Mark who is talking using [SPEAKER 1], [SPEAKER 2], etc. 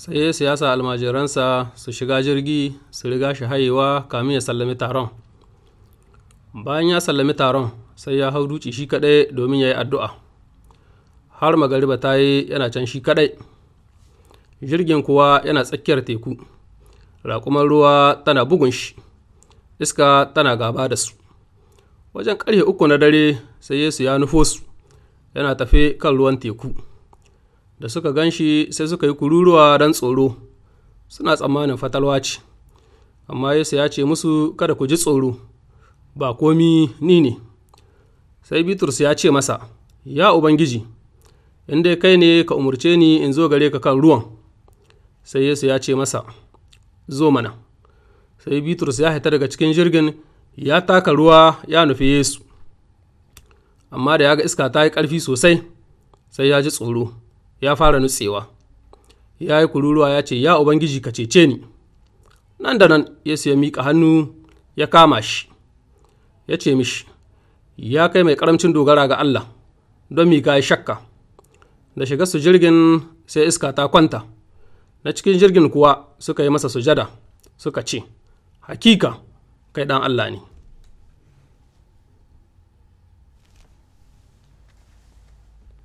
[SPEAKER 1] sai siyasa almajiransa su shiga jirgi su riga shi hayewa kamin ya sallami taron bayan ya sallami taron sai ya hau duci shi kaɗai domin ya yi addu'a har magariba ta yi yana can shi kaɗai jirgin kuwa yana tsakiyar teku raƙuman ruwa tana bugun shi iska tana gaba da su wajen ƙarfe uku na dare sai yesu ya nufo su yana tafe kan ruwan teku da suka gan shi sai suka yi kururuwa don tsoro suna tsammanin fatalwa ce amma yesu ya ce musu kada ku ji tsoro ba komi ni ne sai bitrus ya ce masa ya ubangiji in dai kai ne ka umarce ni in zo gare ka kan ruwan sai yesu ya ce masa zo mana sai bitrus ya hita daga cikin jirgin ya taka ruwa ya nufi yesu amma da ya ga iska ta yi ƙarfi sosai sai ya ji tsoro ya fara nutsewa ya yi kururuwa ya ce ya ubangiji ka cece ni nan da nan yesu ya miƙa hannu ya kama shi ya ce mishi ya kai mai ƙaramcin dogara ga allah don miƙa ya shakka da shiga su jirgin sai iska ta kwanta na cikin jirgin kuwa suka yi masa sujada suka ce hakika kai ɗan allah ne